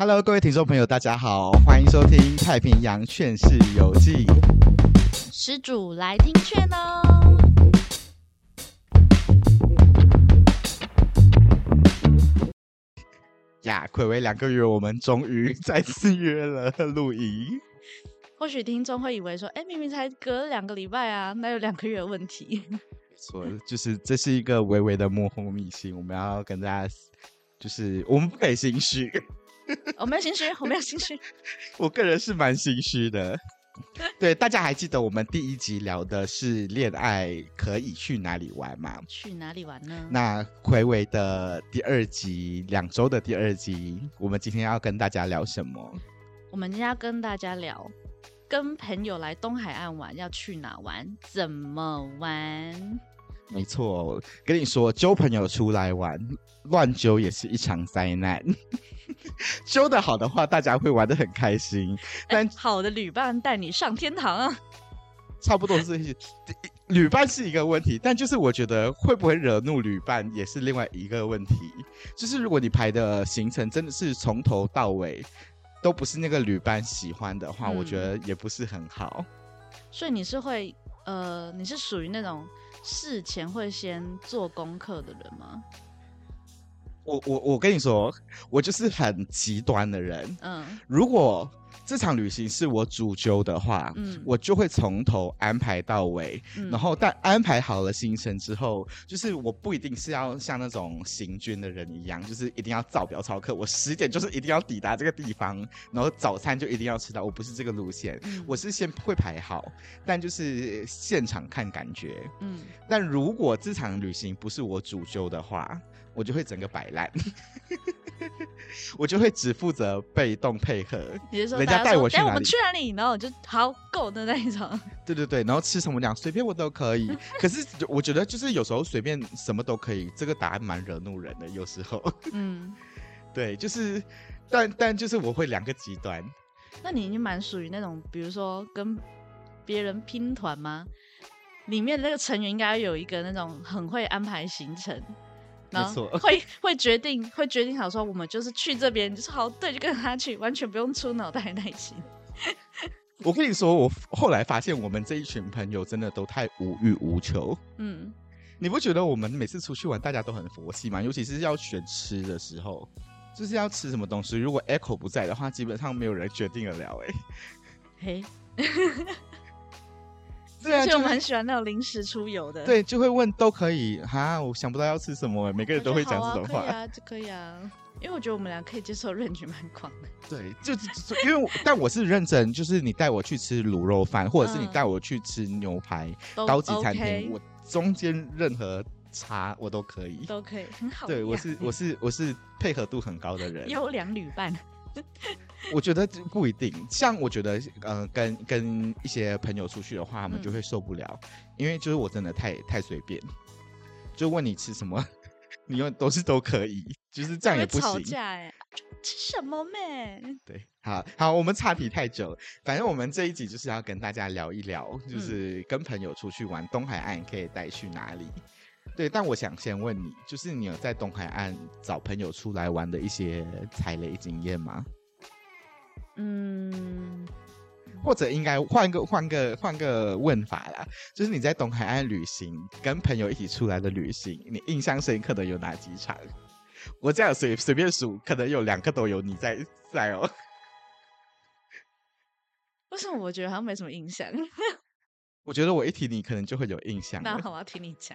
Hello，各位聽眾朋友，大家好，歡迎收聽《太平洋勸世遊記》。施主來聽勸哦！呀、yeah，暌違兩個月，我們終於再次約了 錄影。或許聽眾會以為說：“哎，明明才隔了兩個禮拜啊，哪有兩個月的問題？”沒錯，就是這是一個微微的幕後秘辛，我們要跟大家，就是我們不可以心虛。我沒有心虛，我沒有心虛。 我個人是蠻心虛的。對，大家還記得我們第一集聊的是戀愛可以去哪裡玩嗎？去哪裡玩呢？那睽違的第二集，兩周的第二集，我們今天要跟大家聊什麼？我們今天要跟大家聊，跟朋友來東海岸玩要去哪玩？怎麼玩？沒錯，跟你說，揪朋友出來玩，亂揪也是一場災難。揪 的好的話，大家會玩得很開心。但、欸、好的旅伴帶你上天堂，啊，差不多是旅伴是一個問題，但就是我覺得會不會惹怒旅伴也是另外一個問題。就是如果你排的行程真的是從頭到尾都不是那個旅伴喜歡的話，嗯，我覺得也不是很好。所以你是會呃，你是屬於那種事前會先做功課的人嗎？我我我跟你說，我就是很極端的人。嗯，如果這場旅行是我主揪的話，嗯，我就會從頭安排到尾。嗯。然後，但安排好了行程之後，就是我不一定是要像那種行軍的人一樣，就是一定要照表操課。我十點就是一定要抵達這個地方，然後早餐就一定要吃到。我不是這個路線，嗯，我是先不會排好，但就是現場看感覺。嗯，但如果這場旅行不是我主揪的話。我就會整個擺爛， 我就會只負責被動配合。比如說人家帶我去，哎，我們去哪裡？然後就好狗的那一種。對對對，然後吃什麼呀？隨便我都可以。可是我覺得，就是有時候隨便什麼都可以，這個答案蠻惹怒人的。有時候，嗯，對，就是，但但就是我會兩個極端。那你已經蠻屬於那種，比如說跟別人拼團嗎？裡面那個成員應該有一個那種很會安排行程。沒錯，會決會決定會決定好說，我們就是去這邊，就是好對，就跟他去，完全不用出腦袋耐心。我跟你說，我後來發現我們這一群朋友真的都太無欲無求。嗯，你不覺得我們每次出去玩大家都很佛系嗎？尤其是要選吃的時候，就是要吃什麼東西，如果 Echo 不在的話，基本上沒有人決定得了、欸。哎嘿。 對啊，就而且我們很喜歡那種臨時出遊的。對，就會問都可以哈，我想不到要吃什麼，每個人都會講這種話啊，啊，就可以啊，因為我覺得我們倆可以接受人群蠻廣的。對，就是因為， 但我是認真，就是你帶我去吃滷肉飯，嗯，或者是你帶我去吃牛排，高級餐廳，okay，我中間任何差我都可以，都可以很好。對，我是我是我是配合度很高的人， 優良旅伴。 我覺得不一定，像我覺得，呃跟跟一些朋友出去的話，他們就會受不了，嗯、因為就是我真的太太隨便，就問你吃什麼，你 用都是都可以，就是這樣也不行。你吵架哎，吃什麼咩？對，好，好，我們岔題太久了，反正我們這一集就是要跟大家聊一聊，就是跟朋友出去玩東海岸可以帶去哪裡，嗯？對，但我想先問你，就是你有在東海岸找朋友出來玩的一些踩雷經驗嗎？嗯，或者應該換個換個換個問法啦，就是你在東海岸旅行，跟朋友一起出來的旅行，你印象深刻的有哪幾場？我這樣隨隨便數，可能有兩個都有你在在哦、喔。為什麼我覺得好像沒什麼印象？ 我覺得我一提你，可能就會有印象。那好，我要聽你講。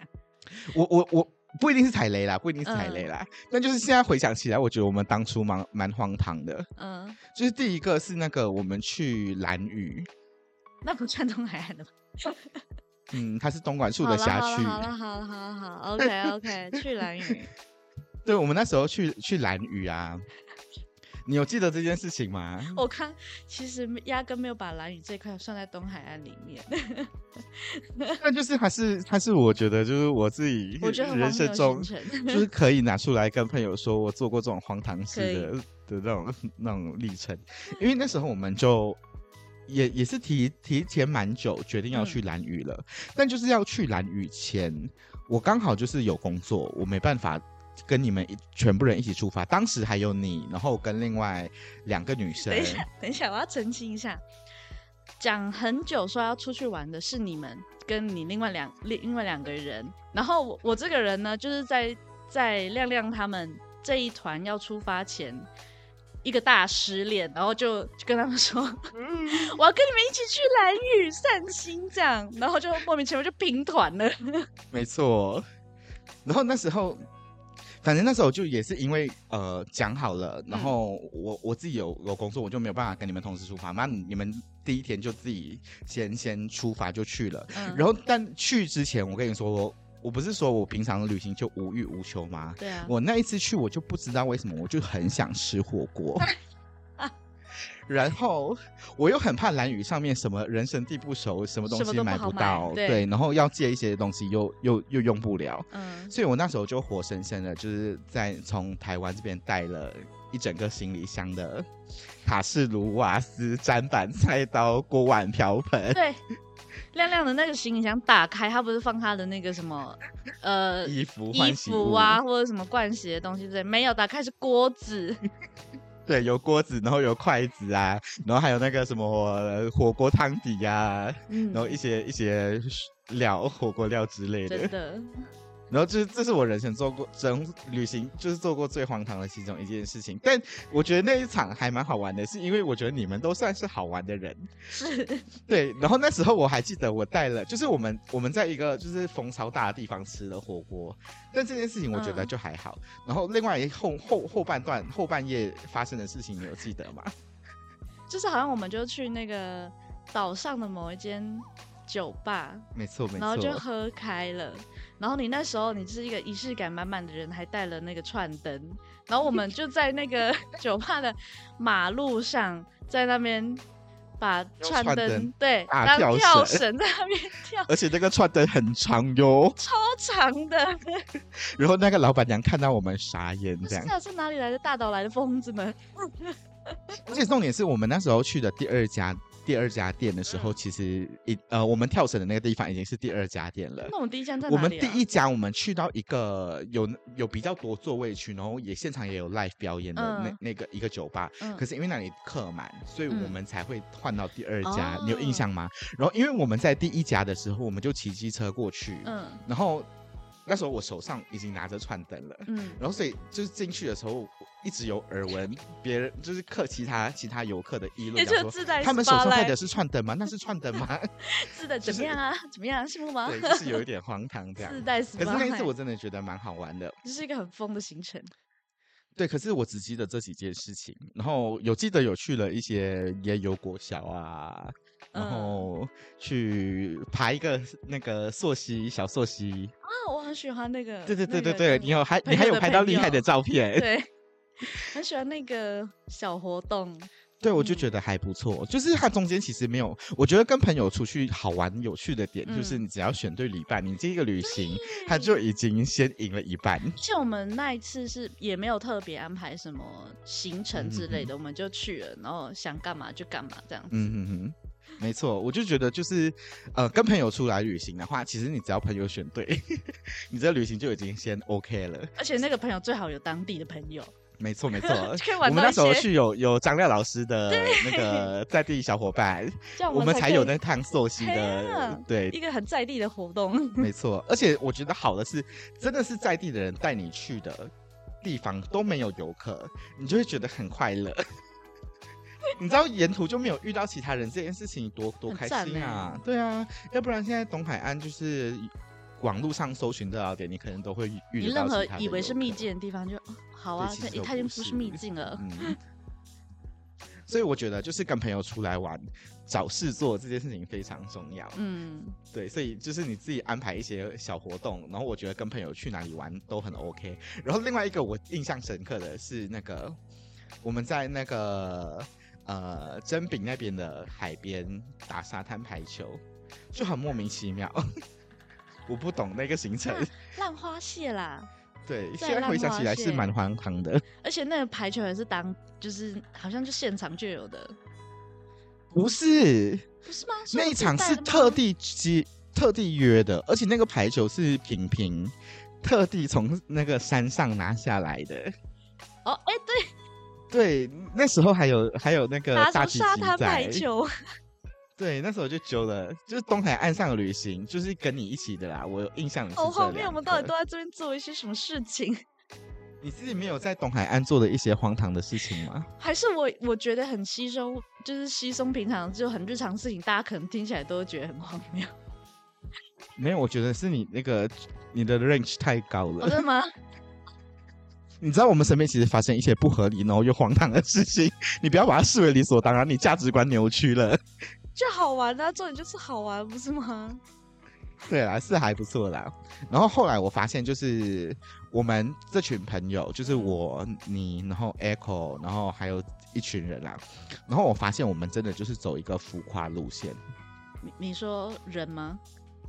我我我。我不一定是踩雷啦，不一定是踩雷啦。呃,那就是現在回想起來，我覺得我們當初蠻蠻荒唐的。嗯、呃，就是第一個是那個我們去蘭嶼，那不算東海岸的嗎？嗯，它是東管處的轄區。好了好了好了好了 OK OK，OK 去蘭嶼。對，我們那時候去去蘭嶼啊。你有記得這件事情嗎？我看其實壓根沒有把蘭嶼這塊算在東海岸裡面。 但就是還是還是我覺得就是我自己，我覺得人生中就是可以拿出來跟朋友說我做過這種荒唐事的的那種 那種歷程。因為那時候我們就也也是提提前蠻久決定要去蘭嶼了，嗯，但就是要去蘭嶼前，我剛好就是有工作，我沒辦法。跟你們一全部人一起出發，當時還有你，然後跟另外兩個女生。等一下，等一下，我要澄清一下，講很久說要出去玩的是你們跟你另外兩另外兩個人，然後我我這個人呢，就是在在亮亮他們這一團要出發前一個大失戀，然後就就跟他們說，嗯、 我要跟你們一起去蘭嶼散心，這樣，然後就莫名其妙就拼團了。沒錯，然後那時候。反正那時候就也是因為呃講好了，然後我、嗯、我自己有有工作，我就沒有辦法跟你們同時出發，那你們第一天就自己先先出發就去了，嗯、然後但去之前我跟你說說，我不是說我平常的旅行就無欲無求嗎？對啊，我那一次去我就不知道為什麼，我就很想吃火鍋。 然後我又很怕蘭嶼上面什麼人生地不熟，什麼東西麼不買不到，對，對，然後要借一些東西又又又用不了，嗯，所以我那時候就活生生的，就是在從台灣這邊帶了一整個行李箱的卡式爐瓦斯砧板、菜刀、鍋碗瓢盆，對，亮亮的那個行李箱打開，他不是放他的那個什麼呃衣服、衣服啊，或者什麼盥洗的東西，對，沒有打開是鍋子。 對，有鍋子，然後有筷子啊，然後還有那個什麼火，火鍋湯底啊，嗯，然後一些一些料，火鍋料之類的。真的然後就是這是我人生做過整旅行，就是做過最荒唐的其中一件事情。但我覺得那一場還蠻好玩的，是因為我覺得你們都算是好玩的人，是， 對。然後那時候我還記得，我帶了，就是我們我們在一個就是風潮大的地方吃了火鍋，但這件事情我覺得就還好。嗯、然後另外一後後後半段後半夜發生的事情，你有記得嗎？就是好像我們就去那個島上的某一間酒吧，沒錯沒錯，然後就喝開了。然後你那時候你是一個儀式感滿滿的人，還帶了那個串燈，然後我們就在那個酒吧的馬路上，在那邊把串燈，串燈對當跳繩在那邊跳，而且那個串燈很長喲，超長的。然後那個老板娘看到我們傻眼，這樣是哪裡來的？大島來的瘋子們。嗯、 而且重點是我們那時候去的第二家。第二家店的時候，嗯、其實一，呃我們跳繩的那個地方已經是第二家店了。那我們第一家在哪裡啊？我們第一家，我們去到一個有有比較多座位區，然後也現場也有 live 表演的那、嗯、那個一個酒吧，嗯。可是因為那裡客滿，所以我們才會換到第二家。嗯、你有印象嗎？然後因為我們在第一家的時候，我們就騎機車過去。嗯，然後。那時候我手上已經拿着串燈了，嗯，然後所以就是進去的時候，一直有耳聞別人就是刻其他其他遊客的議論，也就自說，他們手上戴的是串燈嗎？那是串燈嗎？是 的，怎麼樣啊？怎麼樣？是木嗎？對，就是有一點荒唐這樣 自。可是那一次我真的覺得蠻好玩的，這、就是一個很瘋的行程。對，可是我只記得這幾件事情，然後有記得有去了一些椰油國小啊，然後去爬一個那個溯溪，小溯溪。我很喜歡那個。對對對對對，那個、你有還你還有拍到厲害的照片。對，很喜歡那個小活動。 對，我就覺得還不錯。就是它中間其實沒有，我覺得跟朋友出去好玩有趣的點，嗯、就是你只要選對禮拜，你這個旅行它就已經先贏了一半。像我們那一次是也沒有特別安排什麼行程之類的，嗯嗯我們就去了，然後想幹嘛就幹嘛這樣子。嗯嗯。沒錯，我就覺得就是，呃，跟朋友出來旅行的話，其實你只要朋友選對，呵呵你這旅行就已經先 OK 了。而且那個朋友最好有當地的朋友。沒錯沒錯， 我們那時候去有有張亮老師的那個在地小伙伴，我們才有那趟溯溪的，對，一個很在地的活動。呵呵沒錯，而且我覺得好的是，真的是在地的人帶你去的地方都沒有遊客，你就會覺得很快樂。 你知道沿途就沒有遇到其他人這件事情多，多多開心啊、欸！對啊，要不然現在東海岸就是網絡上搜尋的老點，你可能都會遇到。你任何以為是秘境的地方就，就好啊，它已經不是秘境了。嗯、所以我覺得，就是跟朋友出來玩、找事做這件事情非常重要。嗯，對，所以就是你自己安排一些小活動，然後我覺得跟朋友去哪裡玩都很 OK。然後另外一個我印象深刻的是，那個我們在那個。呃，真柄那邊的海邊打沙灘排球，就很莫名其妙，呵呵，我不懂那個行程那。浪花蟹啦，對，現在回想起來是蠻荒唐的。而且那個排球也是當就是好像就現場就有的，不是，不是嗎？說說嗎，那一場是特地約，特地約的，而且那個排球是平平特地從那個山上拿下來的。哦，哎、欸，對。對，那時候還有還有那個沙灘排球。對，那時候就揪了，就是東海岸上的旅行，就是跟你一起的啦。我有印象是。哦，後面我們到底都在這邊做一些什麼事情？你自己沒有在東海岸做的一些荒唐的事情嗎？還是我我覺得很稀鬆，就是稀鬆平常，就很日常的事情，大家可能聽起來都會覺得很荒謬。沒有，我覺得是你那個你的 range 太高了。哦，真的嗎？你知道我們身邊其實發生一些不合理，然後又荒唐的事情，你不要把它視為理所當然，你價值觀扭曲了。就好玩啊，重點就是好玩，不是嗎？對啊，是還不錯啦。然後後來我發現，就是我們這群朋友，就是我、你，然後 Echo，然後還有一群人啦、啊。然後我發現，我們真的就是走一個浮誇路線。你你說人嗎？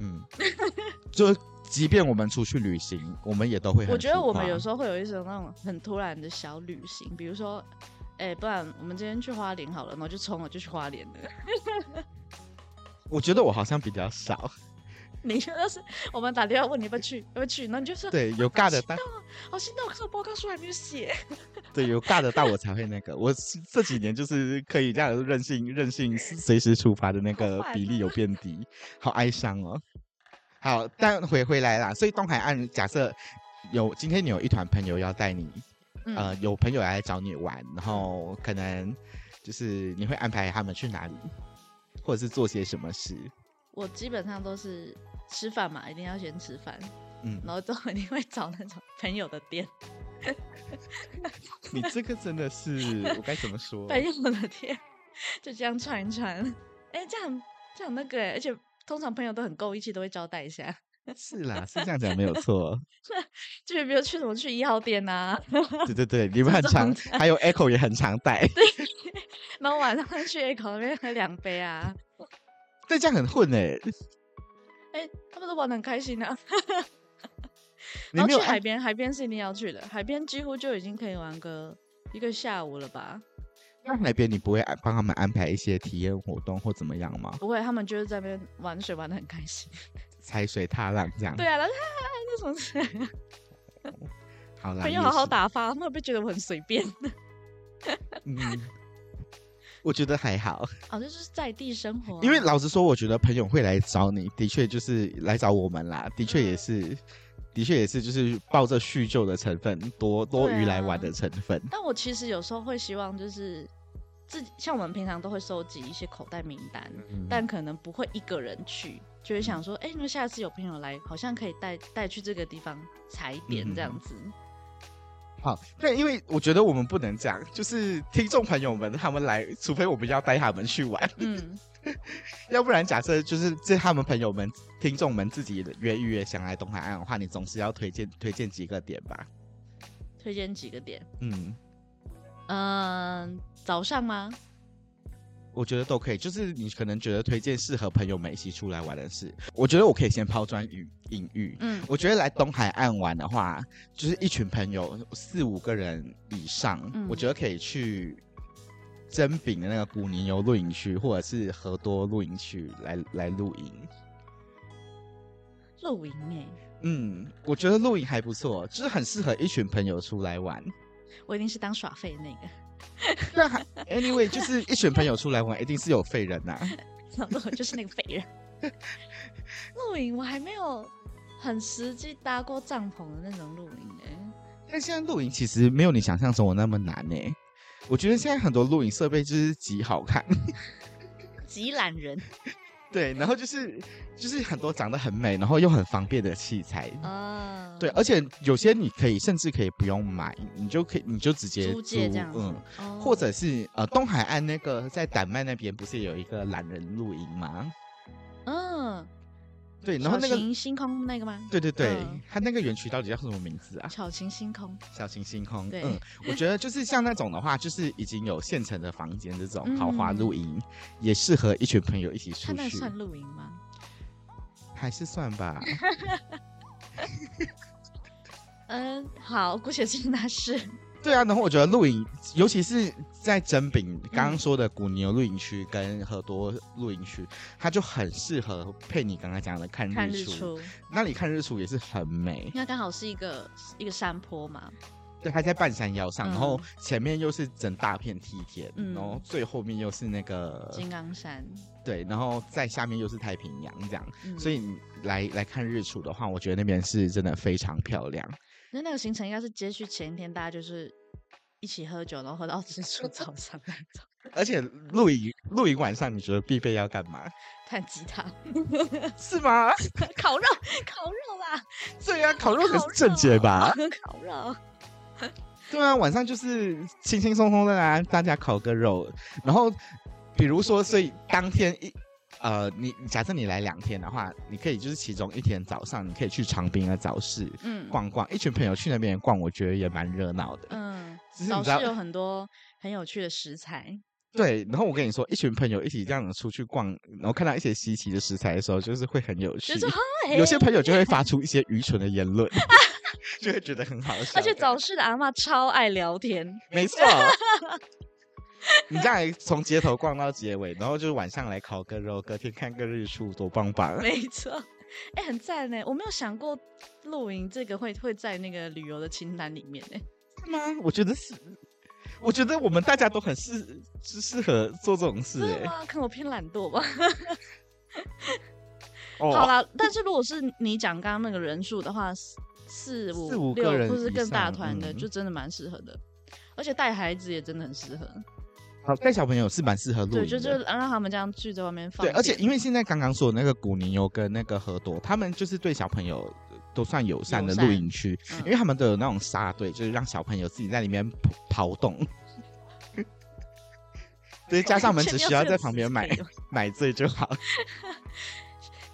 嗯。 就即便我們出去旅行，我們也都會很。我覺得我們有時候會有一種那種很突然的小旅行，比如說，哎、欸，不然我們今天去花蓮好了，然後就衝了就去花蓮了。 我覺得我好像比較少。你說要是我們打電話問你不去不去，那 你就是對有尬的到。好心動、喔，有、喔、我報告書還沒寫。就寫 對，有尬的到我才會那個。我這幾年就是可以這樣任性 任性隨時出發的那個比例有變低，好,好哀傷哦、喔。好，但回回來了。所以東海岸假設有，今天你有一團朋友要帶你、嗯，呃，有朋友來找你玩，然後可能就是你會安排他們去哪裡，或者是做些什麼事。我基本上都是吃飯嘛，一定要先吃飯。嗯，然後之後一定會找那種朋友的店。 你這個真的是，我該怎麼說？哎呀我的天，就這樣串一串，哎、欸，這樣這樣那個、欸，而且。通常朋友都很夠義氣，一起都會招待一下。是啦，是這樣講沒有錯。 就比如去什麼去一號店啊， 對對對，你們很常， 還有 Echo 也很常帶。對，然後晚上去 Echo 那邊喝兩杯啊。對，這樣很混哎。哎、欸，他們都玩得很開心啊。你 們去海邊，海邊是一定要去的，海邊幾乎就已經可以玩個一個下午了吧。那邊你不會安，幫他們安排一些體驗活動或怎麼樣嗎？不會，他們就是在那邊玩水，玩得很開心，踩水踏浪這樣。對啊，然後那種事、啊。好啦，朋友好好打發，他們會不會覺得我很隨便呢？嗯，我覺得還好。哦，就是在地生活、啊。因為老實說，我覺得朋友會來找你，的確就是來找我們啦，的確也是，的確也是，就是抱着敘舊的成分，多多余來玩的成分、啊。但我其實有時候會希望，就是。自己像我們平常都會收集一些口袋名單、嗯，但可能不會一個人去，就會想說，哎、嗯，你、欸、們下次有朋友來，好像可以帶帶去這個地方踩點這樣子。嗯嗯好，那，因為我覺得我們不能這樣，就是聽眾朋友們他們來，除非我們要帶他們去玩，嗯、 要不然假設就是這他們朋友們聽眾們自己約一約想來東海岸的話，你總是要推薦推薦幾個點吧？推薦幾個點？嗯嗯。呃早上嗎？我覺得都可以，就是你可能覺得推薦適合朋友們一起出來玩的事，我覺得我可以先拋磚引引玉。嗯，我覺得來東海岸玩的話，就是一群朋友四五個人以上，嗯、我覺得可以去真柄的那個古寧游露營區，或者是河多露營區來來露營。露營、哎、欸，嗯，我覺得露營還不錯，就是很適合一群朋友出來玩。我一定是當耍廢的那個。 anyway 就是一選朋友出來玩， 一定是有廢人吶、啊。那我就是那個廢人。露營我還沒有很實際搭過帳篷的那種露營呢、欸？但現在露營其實沒有你想象中我那麼難呢、欸。我覺得現在很多露營設備就是極好看，極 懶 人。對，然後就是就是很多長得很美，然後又很方便的器材啊，對，而且有些你可以甚至可以不用買，你就可以你就直接租，租這樣嗯、哦，或者是呃，東海岸那個在丹麥那邊不是有一個懶人露營嗎？對，然後那個小晴星空那個嗎？對對對，對、嗯，它那個園區到底叫什麼名字啊？小晴星空。小晴星空。對，嗯，我覺得就是像那種的話，就是已經有現成的房間這種、嗯、豪華露營，也適合一群朋友一起出去。它那算露營嗎？還是算吧。嗯、 呃，好，顧雪清那是。對啊，然後我覺得露營，尤其是在真餅剛剛說的古牛露營區跟很多露營區、嗯，它就很適合配你剛剛講的看日出。日出那裡看日出也是很美，因為剛好是一個一個山坡嘛。對，它在半山腰上，然後前面又是整大片梯田，嗯、然後最後面又是那個金剛山。對，然後在下面又是太平洋，這樣、嗯，所以來來看日出的話，我覺得那邊是真的非常漂亮。那那個行程應該是接續前一天，大家就是一起喝酒，然後喝到結束早上。而且露營露營晚上你覺得必備要幹嘛？彈吉他是嗎？烤肉，烤肉吧。對啊，烤肉可是正解吧？烤肉。對啊，晚上就是輕輕鬆鬆的啊，大家烤個肉，然後比如說所以當天一。呃，你假設你來兩天的話，你可以就是其中一天早上，你可以去長濱的早市逛逛，嗯，逛逛。一群朋友去那邊逛，我覺得也蠻熱鬧的。嗯，只是你知道早市有很多很有趣的食材。對，然後我跟你說，一群朋友一起這樣出去逛，然後看到一些稀奇的食材的時候，就是會很有趣，就是欸。有些朋友就會發出一些愚蠢的言論，啊、 就會覺得很好笑。而且早市的阿嬤超愛聊天，沒錯。 你這樣從街頭逛到結尾，然後就是晚上來烤個肉，隔天看個日出，多棒吧？沒錯，哎、欸，很讚呢。我沒有想過露營這個會會在那個旅遊的清單裡面呢。是嗎？我覺得是，我覺得我們大家都很適適合做這種事哎。可能我偏懶惰吧。 oh. 好啦，但是如果是你講剛剛那個人數的話，四四五五個人或是更大團的，嗯，就真的蠻適合的，而且帶孩子也真的很適合。帶小朋友是蠻適合露營，對，就就讓他們這樣聚在外面放。對，而且因為現在剛剛說的那個古尼尤跟那個河多，他們就是對小朋友都算友善的露營區，因為他們都有那種沙堆，就是讓小朋友自己在裡面跑、跑動。嗯。對，加上我們只需要在旁邊買買醉就好。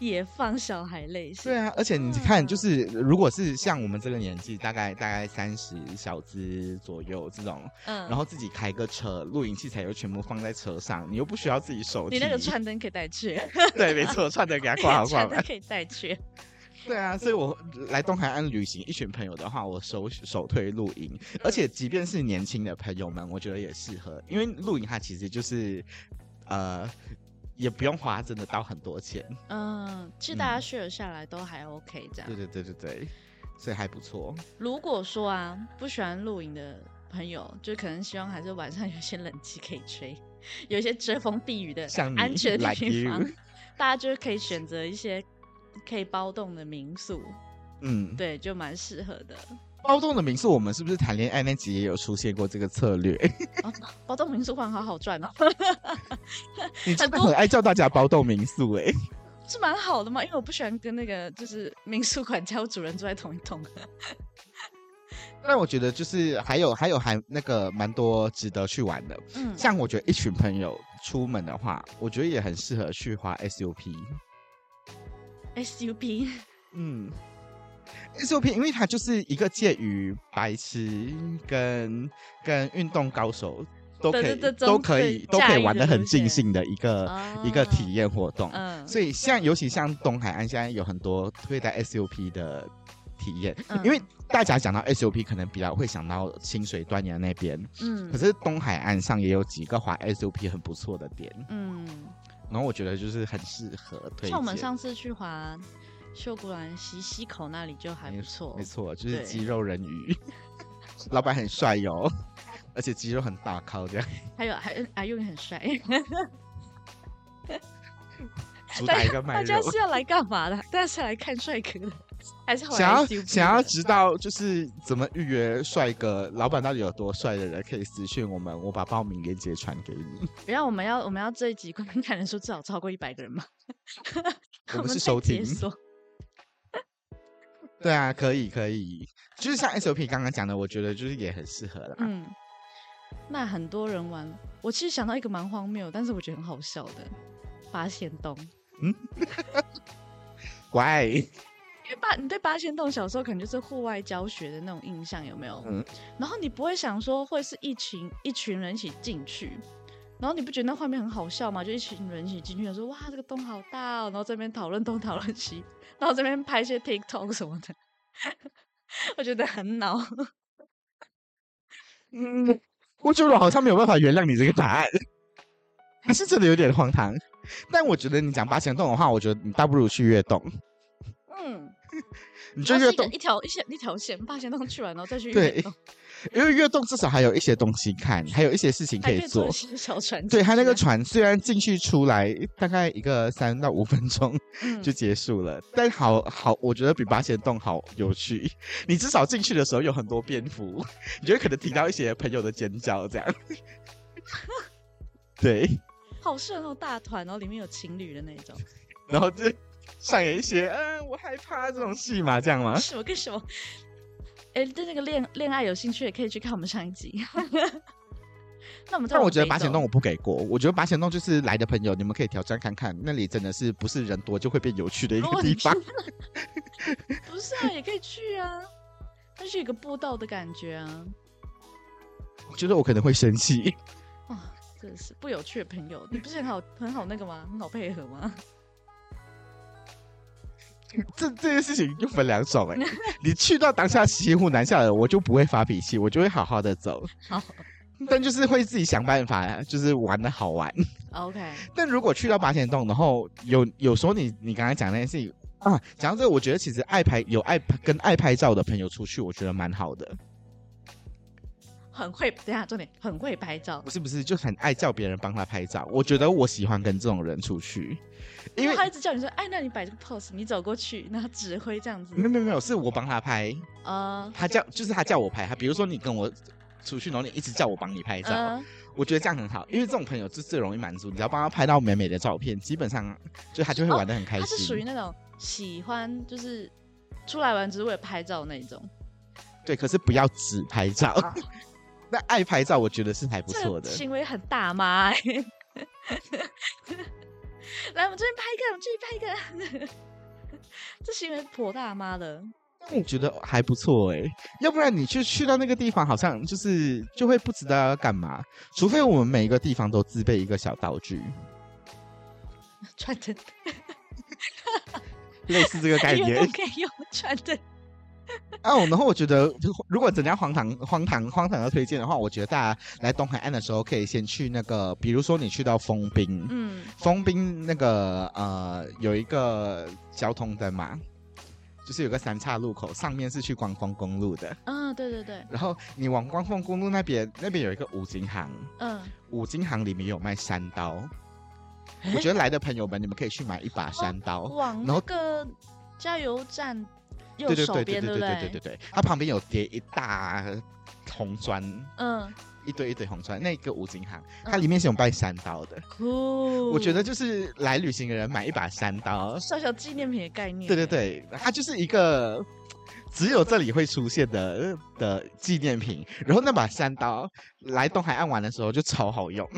也放小孩類似，對啊，而且你看，就是、嗯、如果是像我們這個年紀，大概大概三十小只左右這種，嗯，然後自己開個車，露營器材又全部放在車上，你又不需要自己手，你那個串燈可以帶去。 對，沒錯，串燈給他掛掛。串 燈可以帶去。 對啊，所以我來東海岸旅行，一群朋友的話，我首首推露營，嗯，而且即便是年輕的朋友們，我覺得也適合，因為露營它其實就是，呃。也不用花真的到很多錢，嗯，其實大家 share 下來都還 OK 這樣，對對對對對，所以還不錯。如果說啊，不喜歡露營的朋友，就可能希望還是晚上有些冷氣可以吹，有些遮風避雨的安全的地方，like、大家就是可以選擇一些可以包棟的民宿，嗯，對，就蠻適合的。包棟的民宿，我們是不是談戀愛那集也有出現過這個策略？ 包棟民宿款好好賺哦、啊！ 你真的很愛叫大家包棟民宿哎、欸，是蠻好的嘛，因為我不喜歡跟那個就是民宿款家主人住在同一棟。 但我覺得就是還有還有還那個蠻多值得去玩的，嗯，像我覺得一群朋友出門的話，我覺得也很適合去滑 SUP。SUP，嗯。SUP，因為它就是一個介於白痴跟跟運動高手都可以都可以都可以玩得很盡興的一個一個體驗活動。哦、嗯，所以像尤其像東海岸現在有很多推在 SUP 的體驗，嗯，因為大家講到 SUP 可能比較會想到清水斷崖那邊，嗯，可是東海岸上也有幾個滑 SUP 很不錯的點，嗯，然後我覺得就是很適合。推薦。像我們上次去滑。秀姑巒溪溪口那裡就還不錯，沒錯，就是肌肉人魚，老闆很帥喲、哦，而且肌肉很大靠這樣。還有還阿用也很帥，哈 哈。大家大家是要來幹嘛的？大 家是來看帥哥的，還是想要想要知道就是怎麼預約帥哥？老闆到底有多帥的人可以私訊我們，我把報名鏈接傳給你。不要，我們要我們要這一集觀看人數至少超過一百個人嘛？ 我們是收聽。對啊，可以可以，就是像 SOP 剛剛講的，我覺得就是也很適合的。嗯，那很多人玩，我其實想到一個蠻荒謬，但是我覺得很好笑的八仙洞。嗯， 乖。因為八，你對八仙洞小時候可能就是戶外教學的那種印象，有沒有？嗯？然後你不會想說會是一群一群人一起進去。然後你不覺得那畫面很好笑嗎？就一群人一起進去說：“哇，這個洞好大哦！”然後這邊討論東討論西，然後這邊拍一些 TikTok 什麼的， 我覺得很惱。嗯，我覺得我好像沒有辦法原諒你這個答案，還是真的有點荒唐。但我覺得你講八仙洞的話，我覺得你倒不如去月洞。嗯。 你就、啊、是，動一條一條一條線，八仙洞去完然後再去對。因為月洞至少還有一些東西看，還有一些事情可以做。做小船對，它那個船雖然進去出來大概一個三到五分鐘就結束了，嗯、但好好我覺得比八仙洞好有趣。你至少進去的時候有很多蝙蝠，你覺得可能聽到一些朋友的尖叫這樣。 對，好適合那種大團然後裡面有情侶的那種， 然後就。上演一些，嗯、呃，我害怕這種戲嘛，這樣嗎？什麼跟什麼？哎、欸，對那個戀戀愛有興趣，也可以去看我們上一集。 那我們但我覺得八仙洞我不給過，我覺得八仙洞就是來的朋友，你們可以挑戰看看，那裡真的是不是人多就會變有趣的一個地方？ 不是啊，也可以去啊，那是一個步道的感覺啊。我覺得我可能會生氣啊，真的是不有趣的朋友，你不是很好 很好那個嗎？很好配合嗎？這這件事情就分兩種哎、欸， 你去到當下西湖南下的，我就不會發脾氣，我就會好好的走。好，但就是會自己想辦法，就是玩的好玩。OK，但如果去到八仙洞，然後有有時候你你剛才講的那件事情啊，講到這，我覺得其實愛拍有愛跟愛拍照的朋友出去，我覺得蠻好的。很會等下，重點很會拍照，不是不是，就很愛叫別人幫他拍照。我覺得我喜歡跟這種人出去，因為他一直叫你說：“哎，那你擺這個 pose，你走過去，然後指揮這樣子。”沒有沒有沒有，是我幫他拍啊、呃，他叫就是他叫我拍。他比如說你跟我出去，然後你一直叫我幫你拍照、呃，我覺得這樣很好，因為這種朋友是最容易滿足。你只要幫他拍到美美的照片，基本上就他就會玩得很開心、哦。他是屬於那種喜歡就是出來玩只是為了拍照那一種，對。可是不要只拍照。啊那但愛拍照，我覺得是還不錯的。行為很大媽哎、欸， 來，我們這邊拍一個，我們繼續拍一個， 這行為頗大媽的。那我覺得還不錯哎、欸，要不然你去去到那個地方，好像就是就會不知道要幹嘛，除非我們每一個地方都自備一個小道具，串燈， 類似這個概念，都可 哦，然後我覺得，如果怎樣荒唐、荒唐、荒唐的推薦的話，我覺得大家來東海岸的時候，可以先去那個，比如說你去到豐濱，嗯，豐濱那個呃，有一個交通燈嘛，就是有個三岔路口，上面是去光豐公路的，嗯，對對對。然後你往光豐公路那邊，那邊有一個五金行，嗯，五金行裡面有賣山刀，嗯、我覺得來的朋友們， 你們可以去買一把山刀，然後往那個加油站。右手邊，對對對對對對對對對，對，對，對，對，對，對、嗯，它旁邊有疊一大紅磚，嗯，一堆一堆紅磚。那個五金行、嗯，它裡面是有賣山刀的。哦，我覺得就是來旅行的人買一把山刀，哦，小小紀念品的概念。對對對，它就是一個只有這裡會出現的、嗯、的紀念品。然後那把山刀，來東海岸玩的時候就超好用，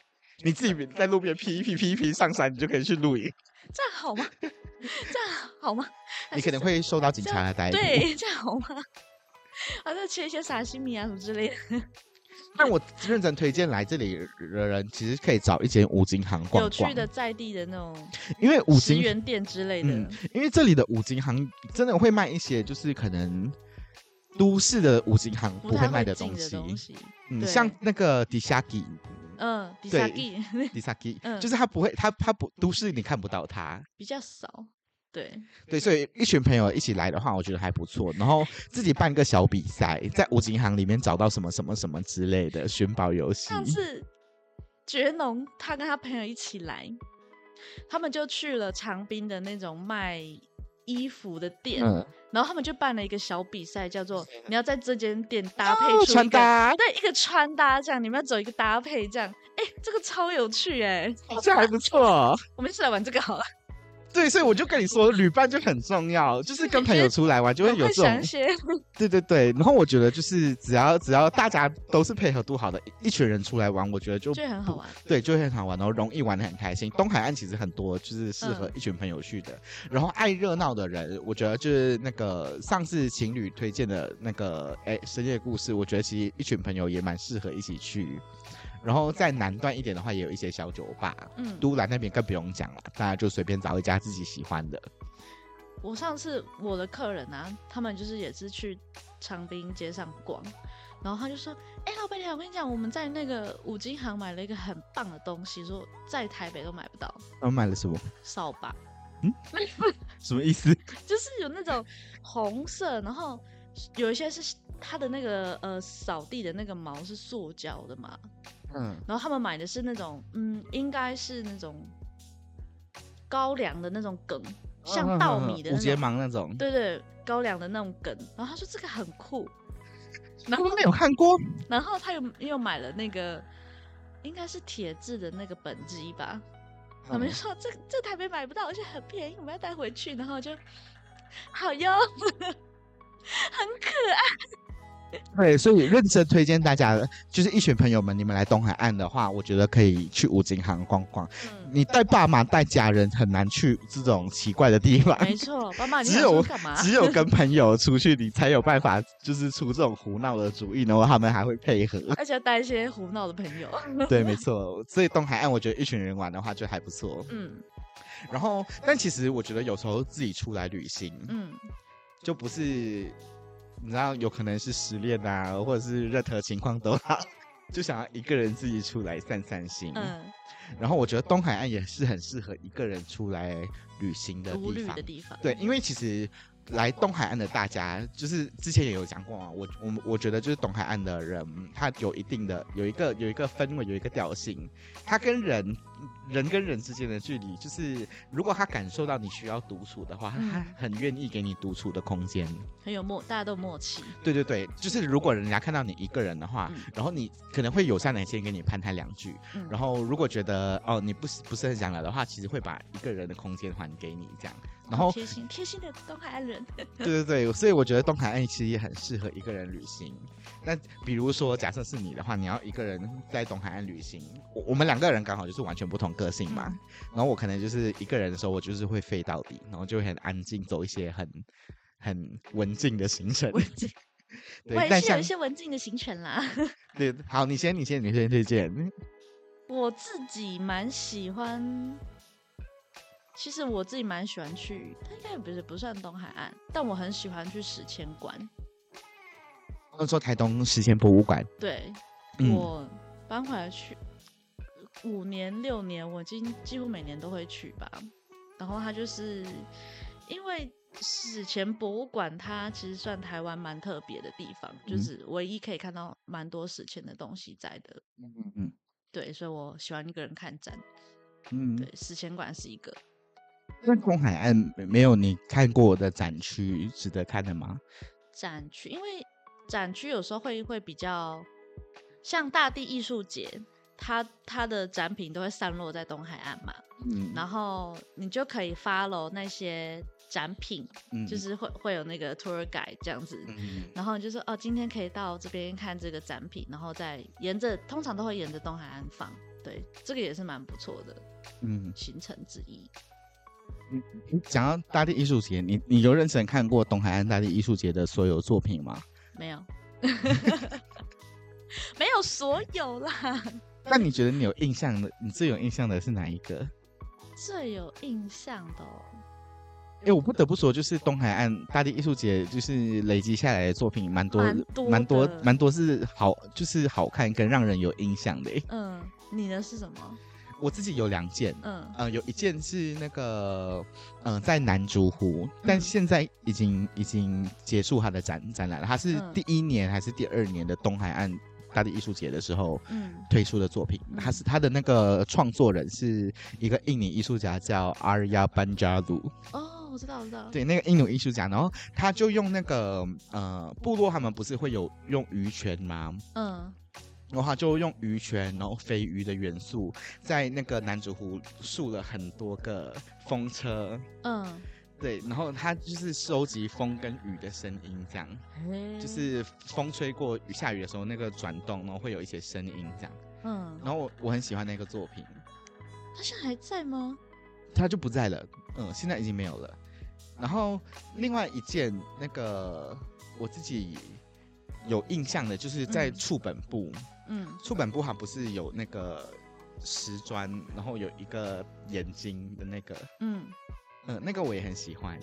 你自己在路邊劈一劈一劈，一劈一劈上山，你就可以去露營，這樣好嗎？ 這樣好嗎？你可能會受到警察的逮捕。對，這樣好嗎？還在切一些沙西米啊什麼之類的。但我認真推薦來這裡的人，其實可以找一間五金行逛，逛有趣的在地的那種的，因為五金店之類的。因為這裡的五金行真的會賣一些，就是可能都市的五金行不會賣的東西。嗯，嗯，像那個底下底。嗯，迪薩基，迪薩 a 嗯，就是他不會，他他不都市你看不到他，比較少，對，對，所以一群朋友一起來的話，我覺得還不錯。然後自己辦個小比賽，在五金行裡面找到什麼什麼什麼之類的尋寶遊戲。上次覺農他跟他朋友一起來，他們就去了長濱的那種賣衣服的店、嗯，然後他們就辦了一個小比賽，叫做你要在這間店搭配出一個穿搭，對，一個穿搭這樣，你們要走一個搭配這樣，哎，這個超有趣哎、欸，好像還不錯哦，我們一起來玩這個好了。對，所以我就跟你說，旅伴就很重要，就是跟朋友出來玩就會有這種。對對對，然後我覺得就是只要只要大家都是配合度好的，一群人出來玩，我覺得就。就很好玩。對，就會很好玩，然後容易玩得很開心。東海岸其實很多就是適合一群朋友去的，嗯、然後愛熱鬧的人，我覺得就是那個上次情侶推薦的那個哎、欸、深夜故事，我覺得其實一群朋友也蠻適合一起去。然後再南端一點的話，也有一些小酒吧。嗯，都蘭那邊更不用講了，大家就隨便找一家自己喜歡的。我上次我的客人啊，他們就是也是去長濱街上逛，然後他就說：“哎，老闆娘，我跟你講，我們在那個五金行買了一個很棒的東西，說在台北都買不到。”啊，他們買了什麼？掃把。嗯，什麼意思？什麼意思？就是有那種紅色，然後有一些是它的那個呃掃地的那個毛是塑膠的嘛。嗯，然後他們買的是那種，嗯，應該是那種高粱的那種梗，嗯、像稻米的五節芒、嗯嗯嗯嗯嗯、那種。對對，高粱的那種梗。然後他說這個很酷，然後沒有看過。然後他又又買了那個，應該是鐵製的那個畚箕吧。我、嗯、們就說這這台北買不到，而且很便宜，我們要帶回去。然後就好喲很可愛。 對，所以認真推薦大家，就是一群朋友們，你們來東海岸的話，我覺得可以去五金行逛逛。嗯，你帶爸媽帶家人很難去這種奇怪的地方，沒錯，爸爸 只有，你要幹嘛？只有跟朋友出去，你才有辦法，就是出這種胡鬧的主意 然後他們還會配合，而且帶一些胡鬧的朋友。 對，沒錯，所以東海岸我覺得一群人玩的話就還不錯。嗯，然後，但其實我覺得有時候自己出來旅行，嗯，就不是。你知道，有可能是失戀啊，或者是任何情況都好，就想要一個人自己出來散散心。嗯，然後我覺得東海岸也是很適合一個人出來旅行的地方。獨旅的地方。對，因為其實來東海岸的大家，就是之前也有講過啊，我我我覺得就是東海岸的人，他有一定的有一個有一個氛圍，有一個調性，他跟人，人跟人之間的距離，就是如果他感受到你需要獨處的話，嗯、他很願意給你獨處的空間，很有默，大家都默契。對對對，就是如果人家看到你一個人的話，嗯、然後你可能會友善一些，跟你攀談兩句，嗯。然後如果覺得哦你不不是很想聊的話，其實會把一個人的空間還給你這樣。然後貼心貼心的東海岸人。 對對對，所以我覺得東海岸其實也很適合一個人旅行。但比如說，假設是你的話，你要一個人在東海岸旅行，我我們兩個人剛好就是完全不同個性嘛，嗯。然後我可能就是一個人的時候，我就是會飛到底，然後就很安靜，走一些很很文靜的行程。文靜。 對，還是有一些文靜的行程啦。 對，好，你先，你先，你先推薦。我自己蠻喜歡，其實我自己蠻喜歡去，應該也不是不算東海岸，但我很喜歡去史前館。要做台東史前博物館，對、嗯、我搬回來去五年六年，我今幾乎每年都會去吧。然後它就是因為史前博物館，它其實算台灣蠻特別的地方，嗯、就是唯一可以看到蠻多史前的東西在的。嗯嗯嗯，對，所以我喜歡一個人看展。嗯,嗯，對，史前館是一個。那東海岸沒有你看過的展區值得看的嗎？展區因為。展區有時候會會比較像大地藝術節，它它的展品都會散落在東海岸嘛，嗯，然後你就可以 follow 那些展品，嗯，就是會會有那個 tour guide 這樣子，嗯，然後你就說哦，今天可以到這邊看這個展品，然後再沿着通常都會沿着東海岸放，對，這個也是蠻不錯的，嗯，行程之一。嗯，你你講到大地藝術節，你你有認真看過東海岸大地藝術節的所有作品嗎？沒有 沒有所有啦。那你覺得你有印象的，你最有印象的是哪一個？最有印象的、哦，哎、欸，我不得不說，就是東海岸大地藝術節，就是累積下來的作品，蠻多，蠻多的，蠻多是好，就是好看跟讓人有印象的、欸。嗯，你的是什麼？我自己有兩件，嗯，呃、有一件是那個，嗯、呃，在南竹湖，但現在已經、嗯、已經結束它的展展覽了。它是第一年還是第二年的東海岸大地藝術節的時候推出的作品。嗯、它是它的那個創作人是一個印尼藝術家叫阿力亞‧邦加魯。哦，我知道我知道。對，那個印尼藝術家，然後他就用那個呃，部落他們不是會有用魚筌嗎？嗯。然後他就用魚群，然後飛魚的元素，在那個南竹湖豎了很多個風車。嗯，對。然後他就是收集風跟雨的聲音，這樣、嗯，就是風吹過雨下雨的時候，那個轉動，然後會有一些聲音，這樣。嗯。然後我我很喜歡那個作品。他現在還在嗎？他就不在了。嗯，現在已經沒有了。然後另外一件那個我自己有印象的，就是在觸本部。嗯嗯，素本不好，不是有那個石磚，然後有一個眼睛的那個，嗯，呃，那個我也很喜歡。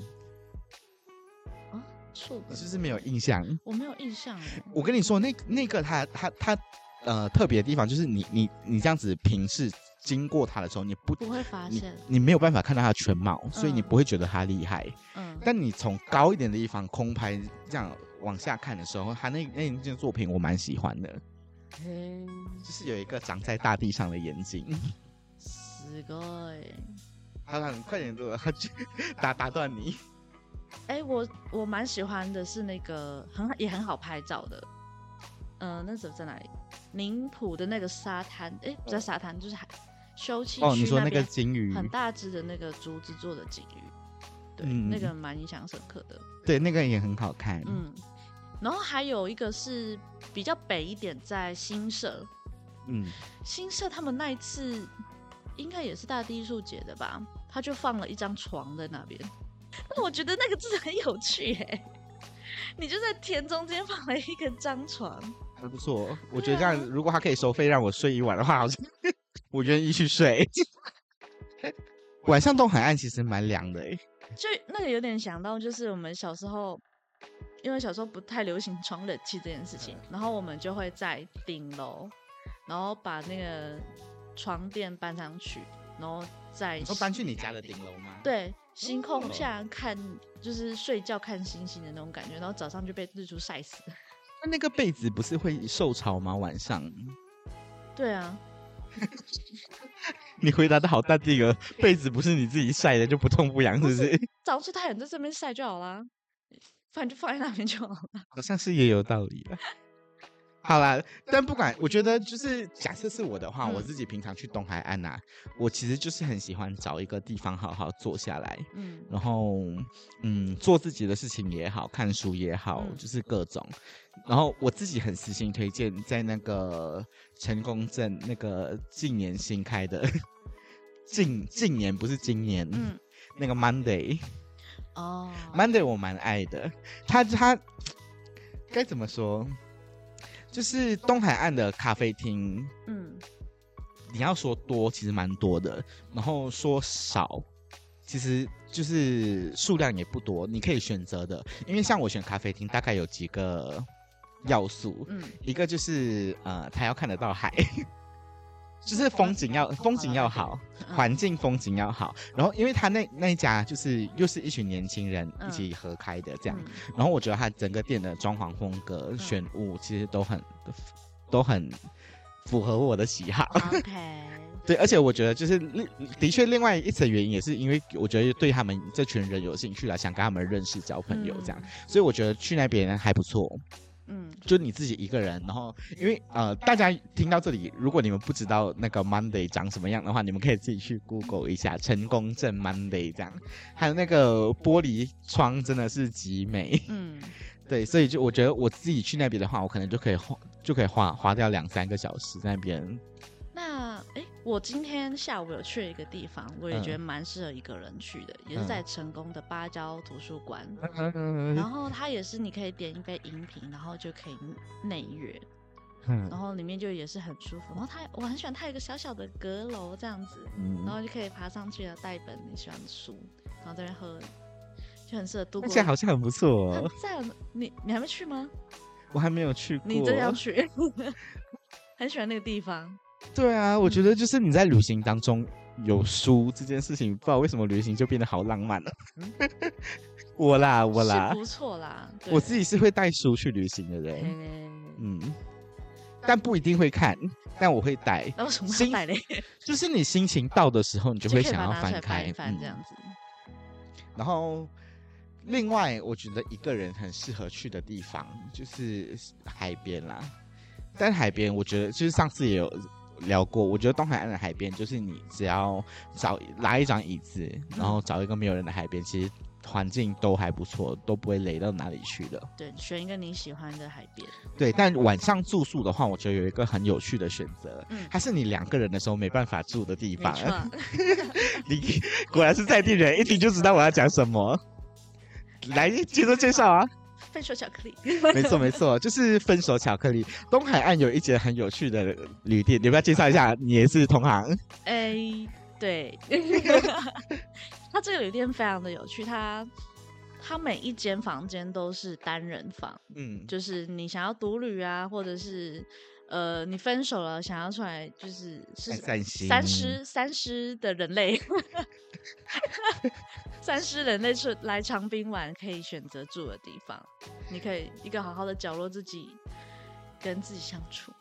啊，素本就是沒有印象，我沒有印象。我跟你說，那那個他他他，呃，特別的地方就是你你你這樣子平視經過他的時候，你不不會發現你，你沒有辦法看到他的全貌，所以你不會覺得他厲害。嗯，但你從高一點的地方空拍這樣往下看的時候，他那那那件作品我蠻喜歡的。欸、就是有一個長在大地上的眼睛，死鬼！好 啦，快點錄，他打打斷你。哎、欸，我我蠻喜歡的是那個很也很好拍照的，嗯、呃，那時候在哪裡？寧浦的那個沙灘，哎、欸，不是沙灘、哦，就是海休憩區那邊。哦，你說那個鯨魚，很大只的那個竹子做的鯨魚，對，嗯、那個蠻影響深刻的。對，那個也很好看，嗯。然後還有一個是比較北一點，在新社。嗯，新社他們那一次應該也是大地藝術節的吧？他就放了一張床在那邊。那我覺得那個真的很有趣誒、欸，你就在田中間放了一個張床。還不錯，我覺得這樣，如果他可以收費讓我睡一晚的話，啊、 我願意去睡。 晚上東海岸其實蠻涼的、欸，就那個有點想到，就是我們小時候。因為小時候不太流行床冷氣這件事情，嗯，然後我們就會在頂樓，然後把那個床墊搬上去，然後再搬去你家的頂樓嗎？對，星空下看就是睡覺看星星的那種感覺，然後早上就被日出曬死。那那個被子不是會受潮嗎？晚上？對啊， 你回答的好淡定啊！被子不是你自己曬的就不痛不癢是不是，是不是？早上出太陽在這邊曬就好啦。放就放在那邊就好了，好像是也有道理。 好啦，但不管我覺得，就是假設是我的話，嗯，我自己平常去東海岸吶、啊，我其實就是很喜歡找一個地方好好坐下來，嗯，然後嗯做自己的事情也好看書也好，嗯，就是各種。然後我自己很私心推薦，在那個成功鎮那個近年新開的 近近年不是今年，嗯，那個 Monday。哦、oh.，Monday 我蠻愛的，他他該怎麼說？就是東海岸的咖啡廳，嗯，你要說多其實蠻多的，然後說少，其實就是數量也不多，你可以選擇的。因為像我選咖啡廳，大概有幾個要素，嗯，一個就是呃，他要看得到海。 就是風景要風景要好，環境風景要好。然後，因為他那那一家就是又是一群年輕人一起合開的這樣。嗯、然後，我覺得他整個店的裝潢風格、選、嗯、物其實都很都很符合我的喜好。嗯 okay. 對，而且我覺得就是的確另外一層原因也是因為我覺得對他們這群人有興趣了、啊，想跟他們認識、交朋友這樣、嗯。所以我覺得去那邊還不錯。嗯，就你自己一個人，然後因為呃，大家聽到這裡，如果你們不知道那個 Monday 長什麼樣的話，你們可以自己去 Google 一下，成功鎮 Monday 這樣，還有那個玻璃窗真的是極美，嗯，對，所以就我覺得我自己去那邊的話，我可能就可以花就可以花花掉兩三個小時在那邊。那哎，我今天下午有去了一個地方，我也覺得蠻適合一個人去的，嗯、也是在成功的芭蕉圖書館。嗯、然後它也是你可以點一杯飲品，然後就可以內約、嗯。然後裡面就也是很舒服。然後它我很喜歡它一個小小的閣樓這樣子，嗯、然後就可以爬上去啊，帶本你喜歡的書，然後這邊喝，就很適合度過。聽起來好像很不錯哦。這樣，你你還沒去嗎？我還沒有去過。你真要去？ 很喜歡那個地方。對啊，我覺得就是你在旅行當中有書、嗯、這件事情，不知道為什麼旅行就變得好浪漫了。 我啦，我啦，不錯啦。我自己是會帶書去旅行的人，嗯，嗯但不一定會看，但我會帶。為什麼要帶呢？新就是你心情到的時候，你就會想要翻開翻、嗯，這樣子。然後，另外我覺得一個人很適合去的地方就是海邊啦，在海邊，我覺得就是上次也有。聊過，我覺得東海岸的海邊，就是你只要找拉一張椅子，然後找一個沒有人的海邊、嗯，其實環境都還不錯，都不會雷到哪裡去的。對，選一個你喜歡的海邊。對，但晚上住宿的話，我覺得有一個很有趣的選擇，還、嗯、是你兩個人的時候沒辦法住的地方。 你果然是在地人，一 聽、欸、就知道我要講什麼。來，接着介紹啊。分手巧克力， 沒錯沒錯，就是分手巧克力。東海岸有一間很有趣的旅店，你要不要介紹一下啊？你也是同行？哎、欸，對。它 這個旅店非常的有趣，它它每一間房間都是單人房，嗯，就是你想要獨旅啊，或者是呃，你分手了想要出來，就是是散心，單身單身的人類。 三十人，那是來長濱玩可以選擇住的地方，你可以一個好好的角落自己跟自己相處。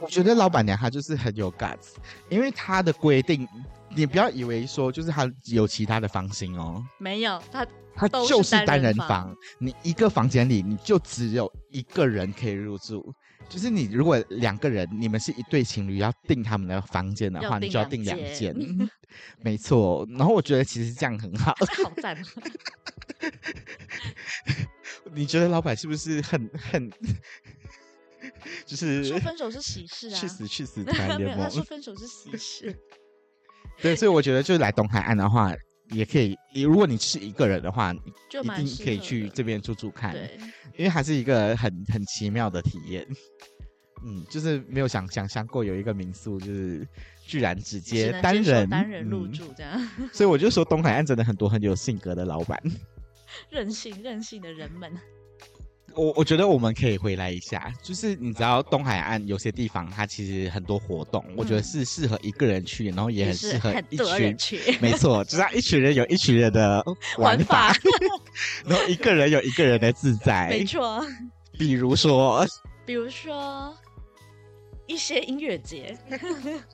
我覺得老板娘她就是很有 guts，因為她的規定，你不要以為說就是她有其他的房型哦、喔，沒有，她她就是單人房，她都是單人房，你一個房間裡你就只有一個人可以入住。就是你，如果兩個人，你們是一對情侶，要訂他們的房間的話，你就要訂兩間。 沒錯。然後我覺得其實這樣很好。 好讚啊。 你覺得老闆是不是很很？就是說分手是喜事啊。去死去死團聯盟。他 說分手是喜事。 對，所以我覺得就是來東海岸的話，也可以。如果你是一個人的話就蠻適合的，一定可以去這邊住住看。對。因為還是一個很很奇妙的體驗，嗯，就是沒有想想象過有一個民宿，就是居然直接單人接單人入住這樣，嗯，所以我就說東海岸真的很多很有性格的老闆，任性任性的人們。我我覺得我們可以回來一下，就是你知道東海岸有些地方，它其實很多活動，我覺得是適合一個人去，然後也很適合一群人去。沒錯，就是一群人有一群人的玩法，玩法 然後一個人有一個人的自在。沒錯，比如說，比如說一些音樂節。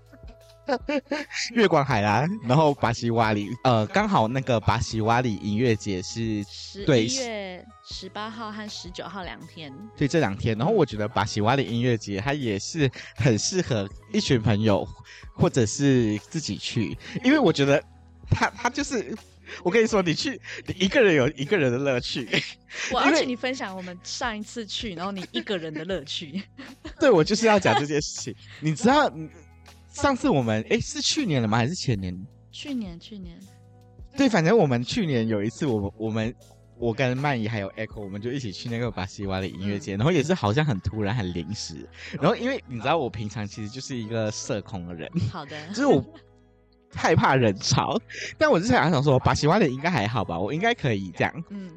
月光海南、啊，然後巴西瓦里，呃，剛好那個巴西瓦里音樂節是十一月十八號和十九號兩天，對，這兩天。然後我覺得巴西瓦里音樂節它也是很適合一群朋友，或者是自己去，因為我覺得他他就是，我跟你說，你去，你一個人有一個人的樂趣。我邀請你分享我們上一次去， 然後你一個人的樂趣。 對，我就是要講這件事情， 你知道？上次我們哎、欸，是去年了嗎？還是前年？去年，去年。對，反正我們去年有一次我，我們我們我跟曼怡還有 Echo，我們就一起去那個巴西瓦里音樂節、嗯，然後也是好像很突然很臨時、嗯。然後因為你知道，我平常其實就是一個社恐的人，好的， 就是我害怕人潮。但我之前還想說，巴西瓦里應該還好吧，我應該可以這樣。嗯。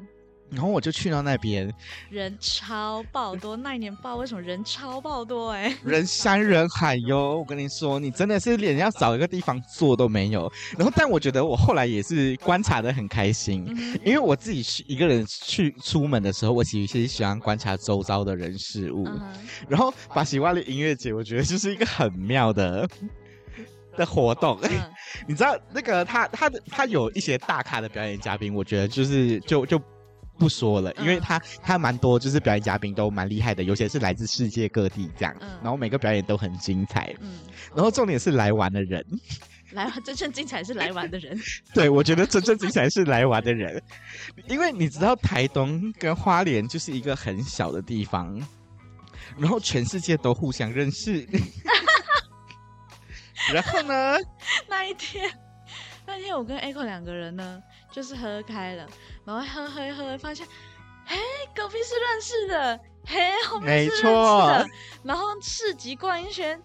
然後我就去到那邊，人超爆多。那一年爆為什麼人超爆多？哎，人山人海喲！我跟你說，你真的是連要找一個地方坐都沒有。然後，但我覺得我後來也是觀察的很開心，因為我自己是一個人去出門的時候，我其實是喜歡觀察周遭的人事物。然後，巴西瓦里音樂節，我覺得就是一個很妙的的活動。你知道，那個他、他的、他有一些大咖的表演嘉賓，我覺得就是就就。不說了，因為他、嗯、他蠻多，就是表演嘉賓都蠻厲害的，尤其是來自世界各地這樣，嗯、然後每個表演都很精彩，嗯、然後重點是來玩的人，嗯、來玩真正精彩是來玩的人， 對，我覺得真正精彩是來玩的人， 因為你知道台東跟花蓮就是一個很小的地方，然後全世界都互相認識， 然後呢，那一天，那天我跟 Echo 兩個人呢。就是喝開了，然後喝喝喝，發現，嘿，隔壁是認識的，嘿，我們是認識的，然後市集逛一圈，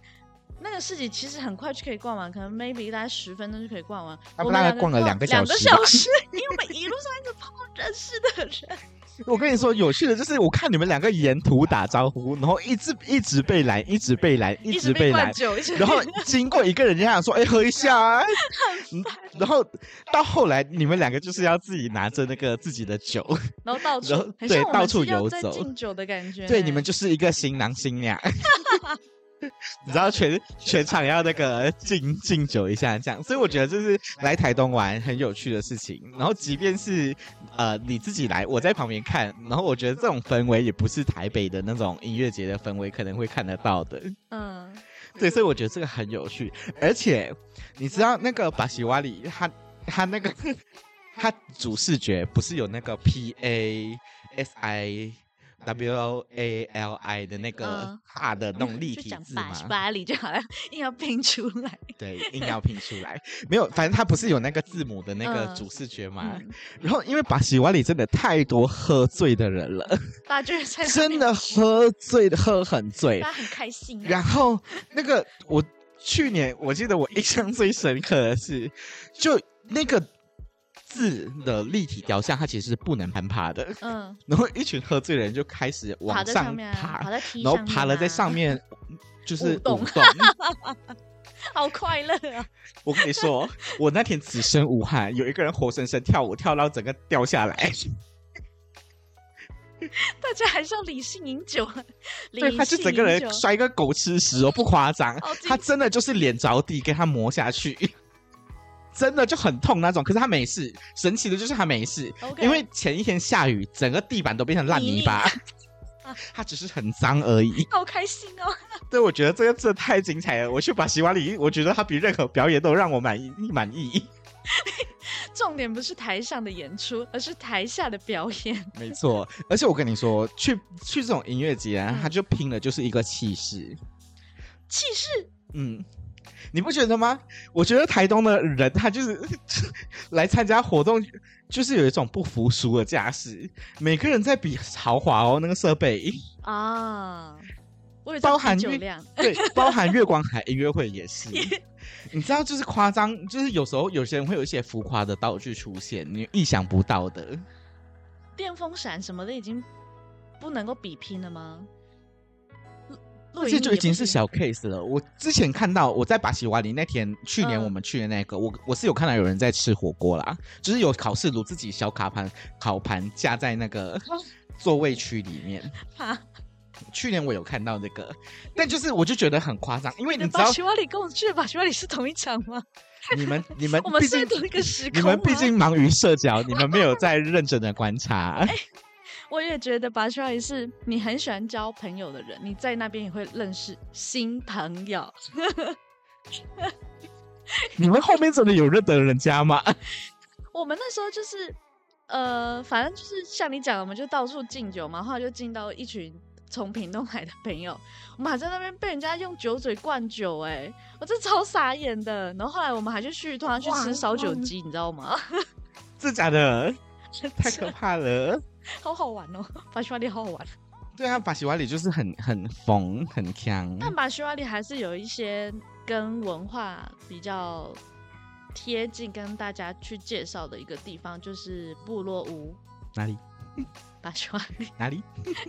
那個市集其實很快就可以逛完，可能 maybe 大概十分鐘就可以逛完，我們大概逛了兩個，兩個，了兩個，兩個小時，因為一路上一直碰到認識的人。 我跟你說，有趣的就是我看你們兩個沿途打招呼，然後一直一直被攔，一直被攔，一直被攔，然後經過一個人家想說 哎，喝一下，啊， 然後到後來你們兩個就是要自己拿着那個自己的酒，然後到處然後然後對到處遊走敬酒的感覺，對你們就是一個新郎新娘。 你知道全全場要那個敬敬酒一下，這樣，所以我覺得這是來台東玩很有趣的事情。然後，即便是呃你自己來，我在旁邊看，然後我覺得這種氛圍也不是台北的那種音樂節的氛圍可能會看得到的。嗯，對，所以我覺得這個很有趣。而且你知道那個巴西瓦里，他他那個他主視覺不是有那個 P A S I。W A L I 的那個大的那種立體字巴里、嗯、就，就好像硬要拼出來， 對，硬要拼出來。沒有，反正他不是有那個字母的那個主視覺嘛、嗯嗯。然後，因為巴西瓦里真的太多喝醉的人了，就真的喝醉的喝很醉，他很開心、啊。然後那個我去年我記得我印象最深刻的是，就那個。嗯字的立體雕像，它其實是不能攀爬，爬的。嗯，然後一群喝醉的人就開始往上爬，爬，上爬上，啊，然後爬了在上面，啊，就是。懂。 好快樂啊！我跟你說，我那天只身武漢，有一個人活生生跳舞跳到整個掉下來。 大家還是要理性飲酒。對，他就整個人摔個狗吃屎哦，我不誇張，他真的就是臉着地給他磨下去。真的就很痛那種，可是他沒事，神奇的就是他沒事。Okay. 因為前一天下雨，整個地板都變成爛泥巴，他、啊、只是很髒而已。好開心哦！對，我覺得這個字太精彩了。我去把洗碗裡，我覺得他比任何表演都讓我滿意滿意。 重點不是台上的演出，而是台下的表演。沒錯，而且我跟你說，去去這種音樂節、啊嗯，他就拼的就是一個氣勢。氣勢？嗯。你不覺得嗎？我覺得台東的人他就是 來參加活動，就是有一種不服輸的架勢。每個人在比豪華哦，那個設備啊，我也 包含月亮對，包含月光海音樂會也是。 你知道，就是誇張，就是有時候有些人會有一些浮誇的道具出現，你意想不到的。電風扇什麼的已經不能夠比拼了嗎？這就已經是小 case 了。我之前看到我在巴西瓦里那天，去年我們去的那個，嗯、我我是有看到有人在吃火鍋啦，就是有考試爐自己小卡盤烤盤架在那個座位區裡面，啊。去年我有看到那、這個，但就是我就覺得很誇張，因為你知道你巴西瓦里跟我們去的巴西瓦里是同一場嗎？你們你們我們是同一個時空嗎？你們畢竟忙於社交，你們沒有在認真的觀察。欸我也覺得，亮禧是你很喜歡交朋友的人，你在那邊也會認識新朋友。 你們後面真的有認得人家嗎？ 我們那時候就是，呃，反正就是像你講的嘛，我們就到處敬酒嘛，後來就敬到一群從屏東來的朋友。我們還在那邊被人家用酒嘴灌酒、欸，哎、哦，我真超傻眼的。然後後來我們還去突然去吃燒酒雞，你知道嗎？這假的？太可怕了！ 好好玩哦，巴西瓦里好好玩。對啊，巴西瓦里就是很很瘋很強。但巴西瓦里還是有一些跟文化比較貼近、跟大家去介紹的一個地方，就是部落屋。哪裡？巴西瓦里。哪裡？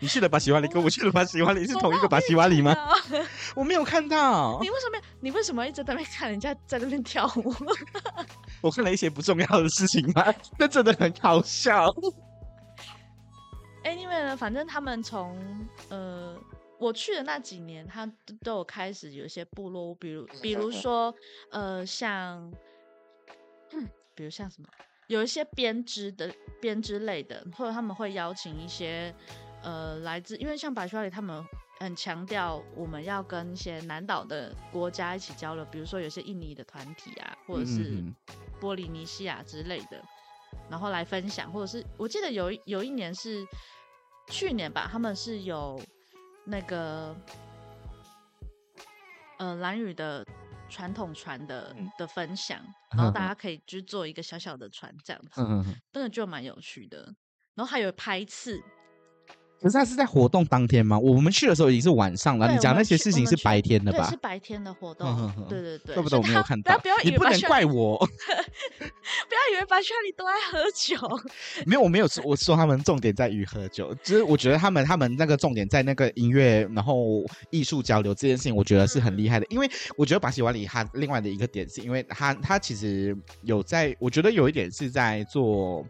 你去了巴西瓦里，跟我去了巴西瓦里， 是同一個巴西瓦里嗎？ 我沒有看到。你為什麼？你為什麼一直在那邊看人家在那邊跳舞？ 我看了一些不重要的事情嗎？ 那真的很好笑。反正他們從呃，我去的那幾年，他都有開始有一些部落，比如比如說呃，像，比如像什麼，有一些編織的編織類的，或者他們會邀請一些呃，來自，因為像百阿里他們很強調我們要跟一些南島的國家一起交流，比如說有些印尼的團體啊，或者是波利尼西亞之類的，然後來分享，或者是我記得有一有一年是。去年吧，他們是有那個呃蘭嶼的傳統船的的分享、嗯，然後大家可以去做一個小小的船這樣子、嗯，真的就蠻有趣的。然後還有拍刺。可是他是在活動當天嗎？我們去的時候已經是晚上了。你講那些事情是白天的吧對對？是白天的活動。對對對，對，怪不得我沒有看到。你不能怪我。呵呵，不要以為巴西灣裡都愛喝酒。 沒有，我沒有說我說他們重點在於喝酒，只、就是我覺得他們他們那個重點在那個音樂，然後藝術交流這件事情，我覺得是很厲害的、嗯。因為我覺得巴西灣裡他另外的一個點是因為他他其實有在，我覺得有一點是在做。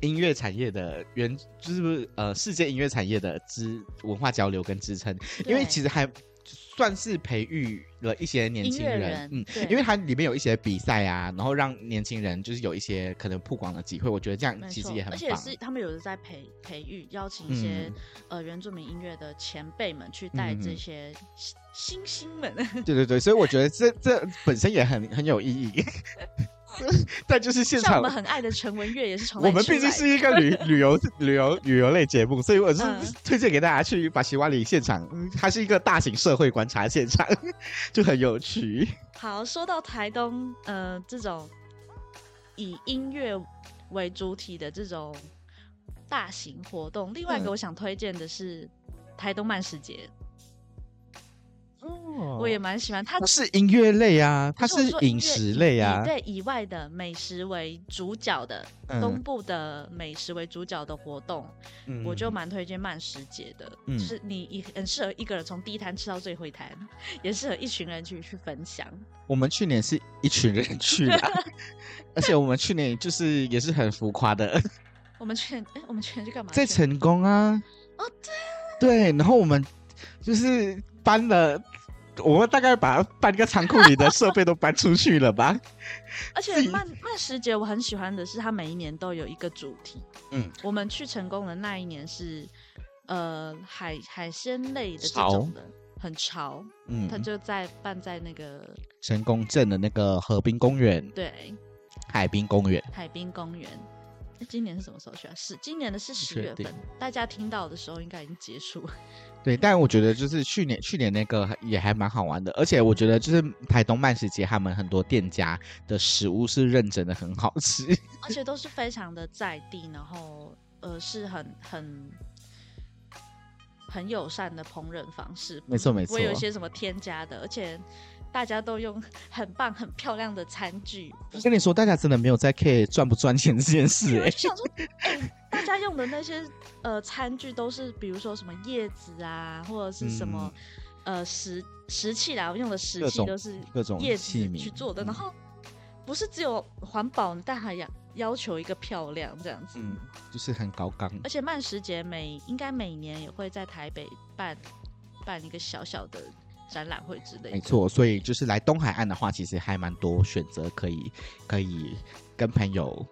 音樂產業的原就是不是呃世界音樂產業的支文化交流跟支撐，因為其實還算是培育了一些年輕人，音樂人嗯，因為它裡面有一些比賽啊，然後讓年輕人就是有一些可能曝光的機會，我覺得這樣其實也很好，而且是他們有的在培培育，邀請一些、嗯、呃原住民音樂的前輩們去帶這些新新星們、嗯，對對對，所以我覺得這這本身也很很有意義。 但就是現場，我們很愛的陳文月也是從來來 我們畢竟是一個旅遊 旅遊旅遊旅遊類節目，所以我是、嗯、推薦給大家去巴西瓦里現場，它是一個大型社會觀察現場， 就很有趣。好，說到台東，呃，這種以音樂為主體的這種大型活動，另外一個我想推薦的是台東漫時節。嗯哦、oh，我也蠻喜歡它。它是音樂類啊，它是飲食類啊，對，以外的美食為主角的，嗯、東部的美食為主角的活動，嗯、我就蠻推薦慢食節的、嗯。就是你一很適合一個人從第一攤吃到最後一攤，也適合一群人去去分享。我們去年是一群人去的， 而且我們去年就是也是很浮誇的。 我們去年，哎，我們去年去幹嘛？在成功啊。哦，oh, 對。對，然後我們就是搬了。我們大概把半個倉庫裡的設備都搬出去了吧 ？而且曼曼時節，我很喜歡的是，它每一年都有一個主題。嗯，我們去成功的那一年是呃，海海鮮類的這種的，潮，很潮。嗯，他就在辦在那個成功鎮的那個河濱公園。對，海濱公園，海濱公園。今年是什麼時候去啊？是今年的是十月份，大家聽到的時候應該已經結束對。對、嗯，但我覺得就是去年，去年那個也還蠻好玩的。而且我覺得就是台東慢食節，他們很多店家的食物是認真的，很好吃，而且都是非常的在地，然後呃，是很很很友善的烹飪方式。沒錯，沒錯，我有一些什麼添加的，而且。大家都用很棒很漂亮的餐具。我跟你說，大家真的沒有在 K 賺不賺錢這件事。哎，想說，欸、 大家用的那些呃餐具都是，比如說什麼葉子啊，或者是什麼、嗯、呃食食器啦，用的食器都是各種葉子去做的。然後不是只有環保，但還要要求一個漂亮這樣子，嗯，就是很高檔。而且慢食節每應該每年也會在台北辦辦一個小小的。展覽會之類，沒錯，所以就是來東海岸的話，其實還蠻多選擇可以可以跟朋友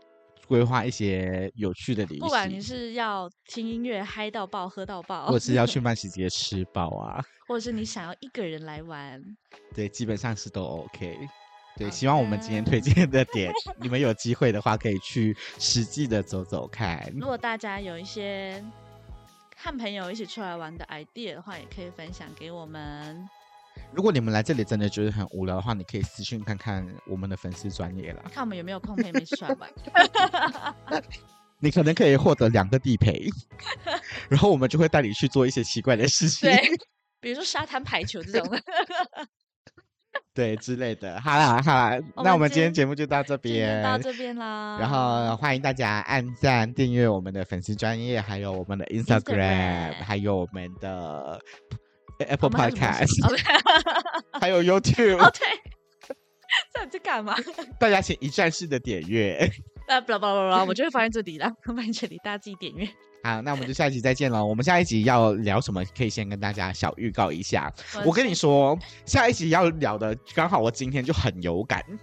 規劃一些有趣的旅行。不管你是要聽音樂嗨 到爆，喝到爆，或是要去慢食節吃爆啊， 或者是你想要一個人來玩，對，基本上是都 OK。對，okay. 希望我們今天推薦的點， 你們有機會的話可以去實際的走走看。如果大家有一些和朋友一起出來玩的 idea 的話，也可以分享給我們。如果你們來這裡真的覺得很無聊的話，你可以私訊看看我們的粉絲專業啦，看我們有沒有空陪你耍玩。 刷完 你可能可以獲得兩個地陪，然後我們就會帶你去做一些奇怪的事情，對，比如說沙灘排球這種， 對之類的。好啦好啦，那我們今天節目就到這邊，就就到這邊啦。然後歡迎大家按贊、訂閱我們的粉絲專業，還有我們的 Instagram，, Instagram 還有我們的。Apple Podcast，還、oh, okay. 還有 YouTube。哦，對，這你在幹嘛？ 大家請一站式的點閱。啊、uh，blah blah blah 我就會發現這裡啦，我發現這裡，大家自己點閱。好，那我們就下一集再見嘍。我們下一集要聊什麼？可以先跟大家小預告一下。Oh, okay. 我跟你說，下一集要聊的，剛好我今天就很有感。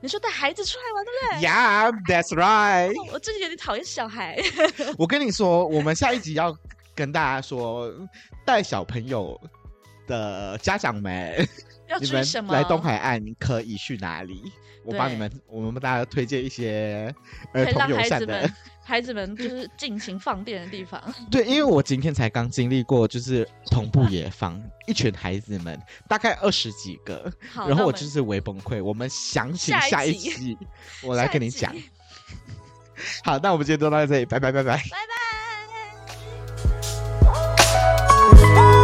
你說帶孩子出來玩的嘞，對不對？Yeah，that's right。Oh, 我最近有點討厭小孩。 我跟你說，我們下一集要跟大家說帶小朋友。的家長們，要什麼 你們來東海岸可以去哪裡？我幫你們，我們幫大家推薦一些兒童友善的，孩子, 孩子們就是盡情放電的地方。 對，因為我今天才剛經歷過，就是同步野放、啊、一群孩子們，大概二十幾個，然後我就是微崩潰。我們詳情下一集我來跟你講。 好，那我們今天就到這裡，拜拜拜拜。